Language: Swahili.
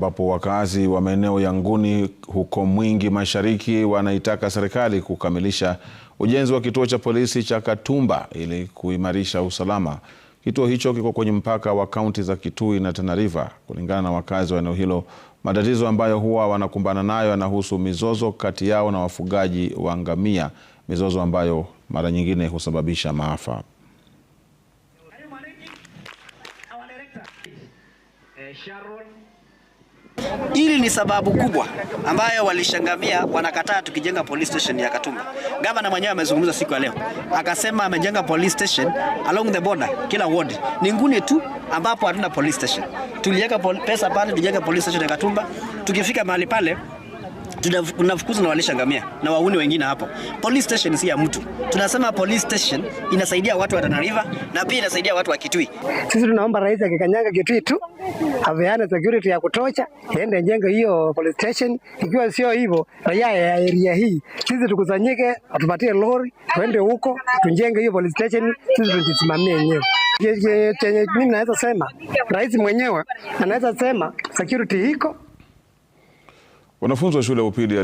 ambapo wakazi wa maeneo ya Nguni huko Mwingi Mashariki wanaitaka serikali kukamilisha ujenzi wa kituo cha polisi cha Katumba ili kuimarisha usalama. Kituo hicho kiko kwenye mpaka wa kaunti za Kitui na Tana River. Kulingana na wakazi wa eneo hilo, matatizo ambayo huwa wanakumbana nayo yanahusu mizozo kati yao na wafugaji wa ngamia, mizozo ambayo mara nyingine husababisha maafa. Eh, Hili ni sababu kubwa ambayo walishangamia, wanakataa tukijenga police station ya Katumba. Gavana mwenyewe amezungumza siku ya leo akasema amejenga police station along the border, kila ward ni nguni tu ambapo hatuna police station. Tuliweka pesa pale tujenge police station ya Katumba, tukifika mahali pale tunafukuzwa na walisha ngamia na wahuni wengine hapo. Police station si ya mtu, tunasema police station inasaidia watu wa Tana River na pia inasaidia watu wa Kitui. Sisi tunaomba rais akikanyaga Kitui tu aveane security ya kutosha, ende jengo hiyo police station. Ikiwa sio hivyo, raia ya area hii sisi tukusanyike, atupatie lori twende huko tujenge hiyo police station, sisi tujisimamie wenyewe chenye mimi naweza sema rais mwenyewe anaweza sema security iko Wanafunzi wa shule ya upili